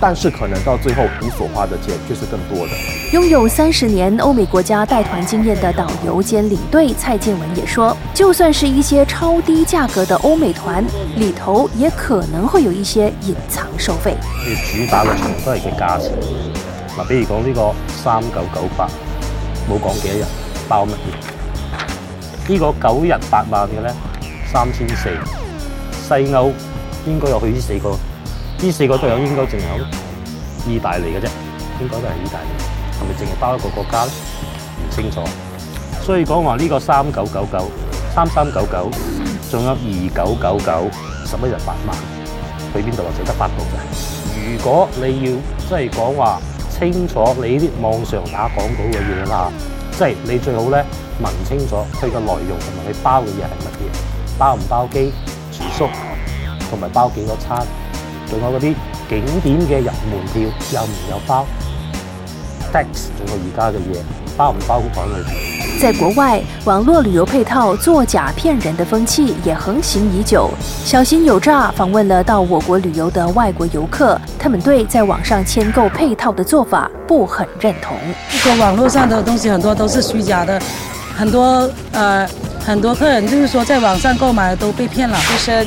但是可能到最後，你所花的錢就是更多的。擁有三十年歐美國家帶團經驗的導遊兼領隊蔡建文也說，就算是一些超低價格的歐美團，裏頭也可能會有一些隱藏收費。你主打嘅全部都係嘅價錢，嗱，比如講，這個，呢個三九九八，冇講幾多日，包乜嘢？呢個九日八萬嘅咧，三千四，西歐應該有去呢四個。呢四個都有，應該淨有意大利嘅啫，應該都係意大利，係咪淨係包一個國家咧？唔清楚，所以講話呢個三九九九、三三九九，仲有二九九九，十一日八萬，去邊度話捨得發佈嘅？如果你要即係講話清楚，你啲網上打廣告嘅嘢啦，即係你最好咧問清楚佢嘅內容同埋你包嘅嘢係乜嘢，包唔包機、住宿同埋包幾多餐？仲有嗰啲景點嘅入門票有唔有包 tax 仲有而家嘅嘢包唔包款類？在國外，網絡旅遊配套作假騙人的風氣也橫行已久。小心有詐訪問了到我國旅遊的外國遊客，他們對在網上簽購配套的做法不很認同。這個網絡上的東西很多都是虛假的，很多呃很多客人就是說在網上購買都被騙了。醫生。